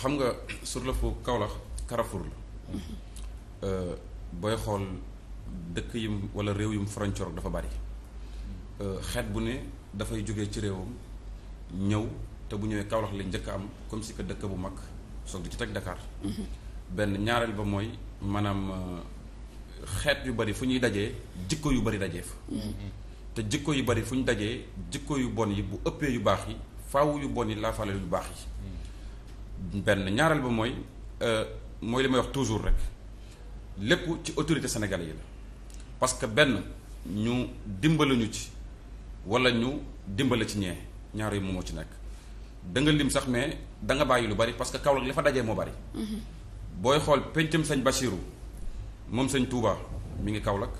xam nga sur le fu Kaolack Carrefour la euh, booy xool dëkk yim wala réew yim frontière dafa bari euh, xeet bu ne dafay jógee ci réewam ñëw te bu ñëwee Kaolack lañ njëkk am comme si que dëkk bu mag soog di ci teg Dakar benn ñaareel ba mooy maanaam euh, xeet yu bari fu ñuy dajee jikko yu bari dajee fa jikko yu bari fu ñu dajee jikko yu bon yi bu ëppee yu baax yi faaw yu bon yi laafaale yu baax yi benn ñaareel ba mooy euh, mooy li may wax toujours rek lépp ci autorité sénégalais yi la parce que benn ñu ñu ci wala ñu dimbale ci ñee ñaar yi moom ci nekk da nga lim sax mais da nga bàyyi lu bari parce que Kaolack li fa dajee moo bari. Mm-hmm. booy xool pencam sañ Bachirou moom sañ Touba mi ngi Kaolack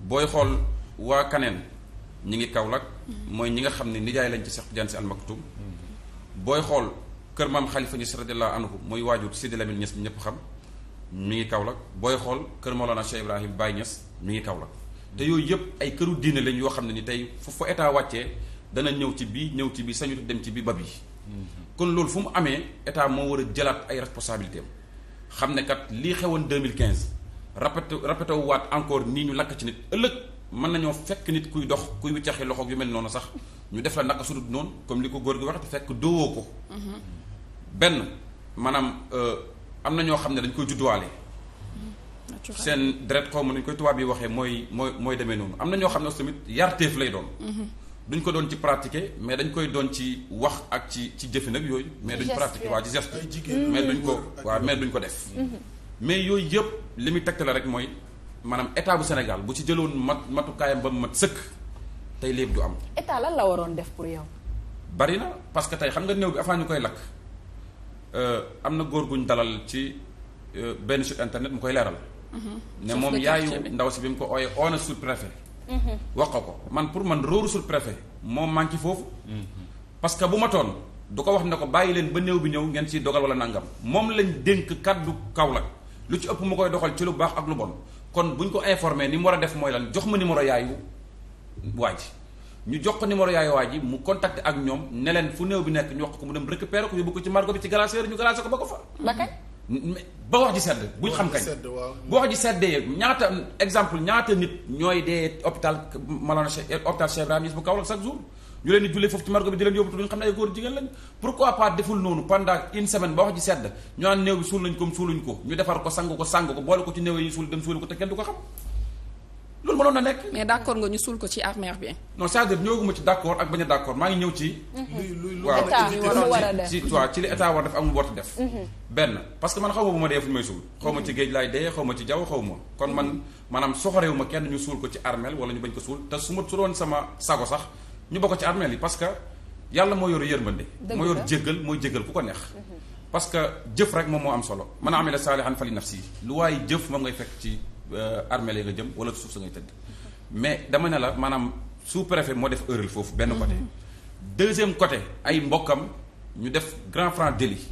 booy xool waa Kaneen ñi ngi Kaolack. Mm-hmm. mooy ñi nga xam ne nijaay lañ ci Cheikh Tidiane Sy Al mm-hmm. booy xool. kër maam Khalifa Niass radiyallahu anhu mooy waajur Sidi Lamine Niass ñëpp xam mi ngi Kaolack booy xool kër Maolana Cheikh Ibrahim Baye Niass mi ngi Kaolack te yooyu yëpp ay këru diine lañ yoo xam ne ni tey foofu état wàccee dana ñëw ci bii ñëw ci bii sañu dem ci bi ba bii mm-hmm. kon loolu fu mu amee état moo war a jëlaat ay responsabilités am xam ne kat lii xewoon 2015 répété répété waat encore nii ñu lakk ci nit ëllëg mën nañoo fekk nit kuy dox kuy wiccaxi loxo yu mel noonu sax ñu def la naka sudut noonu comme li ko góor gi wax te fekk doowoo ko mm-hmm. benn maanaam euh, am na ñoo xam ne dañ koy judduwaale seen deret xaw ma nu ñu koy tubaab yi waxee mooy mooy mooy demee noonu am na ñoo xam ne aussi tamit yarteef lay doon mhm. duñ ko doon ci pratiquer mais dañ koy doon ci wax ak ci ci jëfin ak yooyu mais duñ pratiquer waa ci geste mhm. mais duñ ko waaw mais duñ ko def mhm. mais yooyu yëpp li muy tegtale rek mooy maanaam état bu Sénégal bu ci jëloon mat matukaayam ba mu mat sëkk tey lépp du am état lan la waroon def pour yow bari na parce que tey xam nga néew bi avant ñu koy lakk am na góor ñu dalal ci euh, benn site internet mu koy leeral. Mhm. ne moom yaayu ndaw si bi mu ko ooyee oona sous préfet. Mhm. wax ko man pour man róoru sous moom moom manqué foofu. Mhm. parce que bu ma toon du ko wax ne ko bàyyi leen ba néew bi ñëw ngeen si dogal wala nangam moom lañ dénk kat du kaw la lu ci ëpp mu koy doxal ci lu baax ak lu bon kon buñ ko informé ni mu war a def mooy lan jox ma numéro yaayu waa ñu jox ko numéro yaay waa ji mu contacter ak ñoom ne leen fu néew bi nekk ñu wax ko mu dem récupérer ko yóbbu ko ci margo bi ci glacière ñu glacé ko ba ko fa. ba kañ. ba wax ji sedd. xam kañ ba wax ji seddee ñaata ñaata nit ñooy dee hôpital Malang hôpital Cheikh Ibrahima Niass bu Kaolack ñu xam ne ay góor jigéen lañ pourquoi pas deful noonu pendant une semaine ba wax ji sedd ñu naan néew bi suul nañ ko suuluñ ko ñu defar ko sang ko sang ko boole ko ci néew suul dem suul ko te kenn du ko xam loolu mënoon na nekk. mais d' accord nga ñu suul ko ci armère bi. non c'est-à-dire ñëwaguma ci d' accord ak bañ a d' accord maa ngi ñëw ci. lu mhm. lu état bi war a def waaw ci li def ak mhm. benn parce que man xaw ma bu ma dee xaw ma ci mhm. géej laay dee xaw ma ci jaww xaw ma. kon man maanaam soxorewu ma kenn ñu suul ko ci armel wala ñu bañ ko suul te su ma su doon sama sago sax ñu bokk ci armel yi parce que yàlla moo yor yërmande. dëgg moo yor jéggal mooy jéggal ku ko neex. parce que jëf rek moom moo am solo man amila saalihan fali nafsi lu waaye jëf moom ngay fekk ci Euh, armée la nga jëm wala suuf sa ngay tëdd mais dama ne la maanaam sous préfet moo def erreur foofu benn côté mhm. deuxième côté ay mbokkam ñu def grand franc délit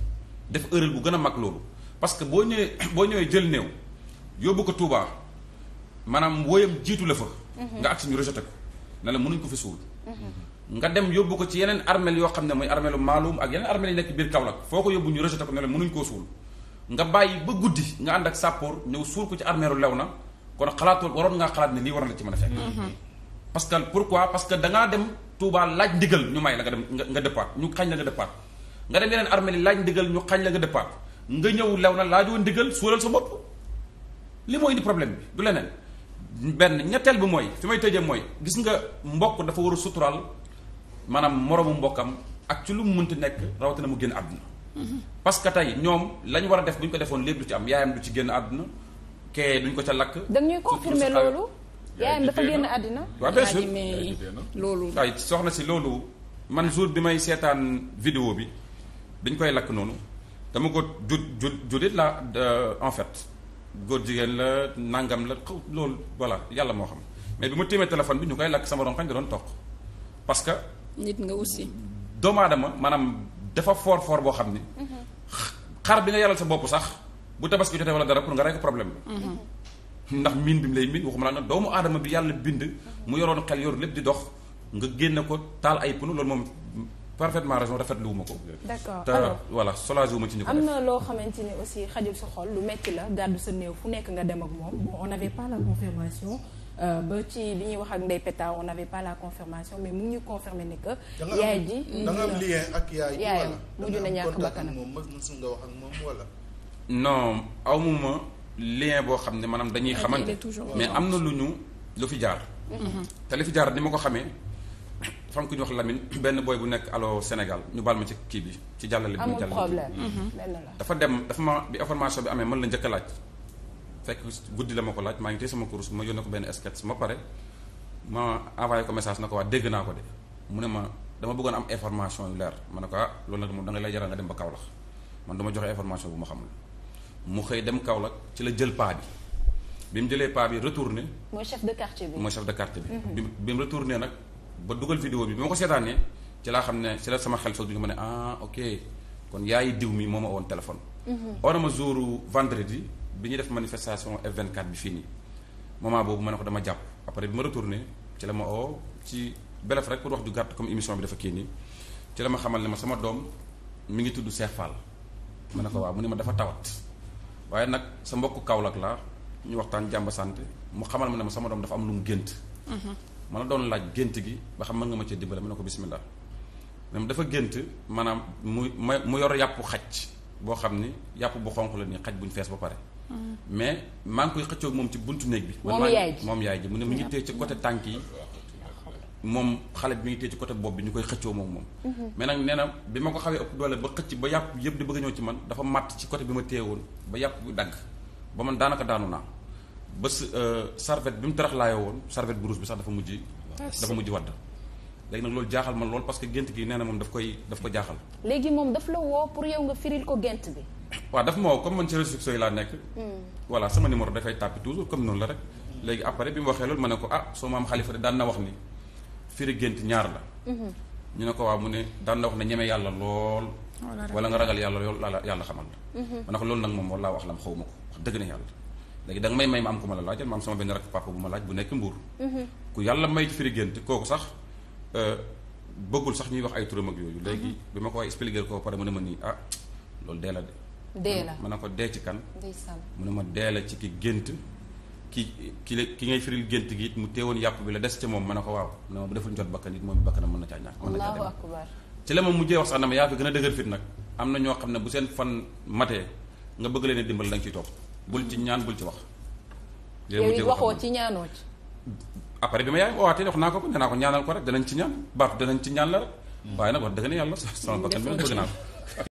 def erreur bu gën a mag loolu parce que boo ñëwee boo ñëwee jël néew yóbbu ko Touba maanaam wóoyam jiitu la fa mhm. nga agsi ñu rejeté ko ne la mënuñ ko fi suul mhm. nga dem yóbbu ko ci yeneen armel yoo xam ne mooy armelu Maalum ak yeneen armel yi nekk biir Kaolack foo ko yóbbu ñu rejeté ko ne mënuñ koo nga bàyyi ba guddi nga ànd ak sàppoor ñëw suul ko ci armeeru lew na kon xalaatoo waroon ngaa xalaat ne lii war na ci mën a fekk mm-hmm. parce que pourquoi parce que dangaa dem Touba laaj ndigal ñu may la nga dem nga départ ñu xañ la nga départ nga dem yeneen armée li laaj ndigal ñu xañ la nga départ nga ñëw lew na laajoo ndigal suulal sa bopp li moo indi problème bi du leneen benn ñetteel bi mooy fi may tëjee mooy gis nga mbokk dafa war a suturaal maanaam moroomu mbokkam ak ci lu mu mënti nekk rawatina mu génn àdduna mm-hmm. parce que tey ñoom lañu war a def bu ñu ko defoon lépp du ci am yaayam du ci génn àdduna kee duñ ko ca lakk. da ñuy confirmer loolu. yaayam dafa génn àddina. waaw bien sûr loolu. ay soxna si loolu man jour bi may seetaan vidéo bi dañ koy lakk noonu dama ko ju ju judit la en fait góor jigéen la nangam la xaw loolu voilà yàlla moo xam mais bi ma téemee téléphone bi ñu koy lakk sama ronkañ da doon toq parce que. nit nga aussi. doomu aadama maanaam dafa foor foor boo xam ni. Mhm. xar bi nga yàllal sa bopp sax bu tabaski jotee wala dara pour nga rey ko problème bi mhm. ndax miin bi mu lay miin waxuma laa nag doomu aadama bi yàlla bind mu yoroon xel yor lépp di dox nga génne ko taal ay pneu loolu moom parfaitement raison rafetlu wu ma ko. d'accord alors te voilà soulagé wu ma ci ñu ko am na loo xamante ni aussi xajul sa xol lu metti la gàddu sa néew fu nekk nga dem ak moom bon on n'avait pas la confirmation. Euh, ba ci li ñuy wax ak Ndeye Péta on n'avait pas la confirmation mais mu ñu confirmer ne que. yaay ji da nga am mm-hmm. lien ak yaay ji wala mujj na ñàkk bakkanam moom mën nga wax ak moom wala. non amuma lien boo xam ne maanaam dañuy ah, xamante mais am na lu ñu lu fi jaar. Mm-hmm. te li fi jaar ni ma ko xamee fan ku ñu wax Lamine benn booy bu nekk allo Sénégal ñu baal ma ci kii bi ci jàllale bi. amul problème mm-hmm. dafa dem dafa ma bi information bi amee mën la njëkk a laaj. fekk guddi la ma ko laaj maa ngi téye sama kurus ma yónnee ko benn sketch ma pare ma envoyé ko message na ko waa dégg naa ko de mu ne ma dama bëggoon am information yu leer ma ne ko ah loolu nag moom da lay jaral nga dem ba Kaolack man dama joxe information bu ma xamul mu xëy dem Kaolack ci la jël paa bi bi mu jëlee paa bi retourné. mooy chef de quartier bi mooy de quartier bi. Mhm. bi mu retourné nag ba dugal vidéo bi bi ko seetaanee ci laa xam ne ci la sama xel di ma ne ah, kon yaayi diw mi moo ma woon téléphone. Mhm. on ma jour vendredi. bi ñuy def manifestation F24 bi fii nii moment boobu ma ne ko dama jàpp après bi ma retourné ci la ma oo ci belef rek pour wax ju gàtt comme émission bi dafa kii nii ci la ma xamal ne ma sama doom mi ngi tudd Cheikh Fall ma ne ko waaw mu ne ma dafa tawat waaye nag sa mbokku Kaolack la ñu waxtaan jàmba santé mu xamal ma ne ma sama doom dafa am lu mu gént ma la doon laaj gént gi ba xam mën nga ma cee dimbale ma ne ko bismillah même dafa gént maanaam mu mu yor yàpp xaj boo xam ni yàpp bu xonq la nii xaj buñ fees ba pare mais maa ngi koy xëccoo moom ci buntu néeg bi. moom yaay ji mu ne mu ngi téye ci côté tànk yi moom xale bi mi ngi téye ci côté bopp bi ñu koy xëccoo moom moom. Mhm. mais nag nee na bi ma ko xawee ëpp doole ba xëcc ba yàpp yëpp di bëgg a ñëw ci man dafa màtt ci côté bi ma téye woon ba yàpp bi dagg ba man daanaka daanu naa ba sarvet euh, bi mu tarax laayoo woon sarvet bu bi sax dafa mujj. dafa mujj wadd. léegi nag loolu jaaxal man lool parce que gént gi nee na moom daf koy daf ko jaaxal. waaw daf ma woo comme man ci réseaux yi laa nekk. Hmm. voilà sama numéro dafay tàppi toujours comme noonu la rek. léegi après bi mu waxee loolu ma ne ko ah soo am xalifa de daan na wax ni firi gént ñaar la. Hmm. ñu ne ko waaw mu ne daan wax ne ñeme yàlla lool. Oh wala nga ragal yàlla lool yàlla xamal la. Hmm. ma ne ko loolu nag moom wallaahi wax la ma xaw ma ko wax dëgg na yàlla. léegi da may may ma am ko ma la laajal ma am sama benn rakk papa bu ma laaj bu nekk mbuur ku yàlla may ci firi gént kooku sax euh, bëggul sax ñuy wax ay turam ak yooyu. léegi bi ma ko waxee expliquer ko pare mu ne ma nii ah loolu dee la de dee la ma ne ko dee ci kan. ndeysaan ma dee la ci ki gént. ki ki la ki ngay firil gént gi it mu teewoon yàpp bi la des ci moom ma ne ko waaw mu ne ma jot bakkan it moom bakkanam na caa na caa dem ci la ma mujjee wax sax na ma yaa fi a dëgër fit nag. am na ñoo xam ne bu seen fan matee nga bëgg leen a dimbal da ci ciy topp bul ci ñaan bul ci wax. léegi waxoo ci ñaanoo ci. après bi ma yaay waatee wax naa ko ko nee naa ko ñaanal ko rek danañ ci ñaan baatu danañ ci ñaan la rek. waaye nag wax dëgg ne yàlla sama bakkan bi nag bëgg naa ko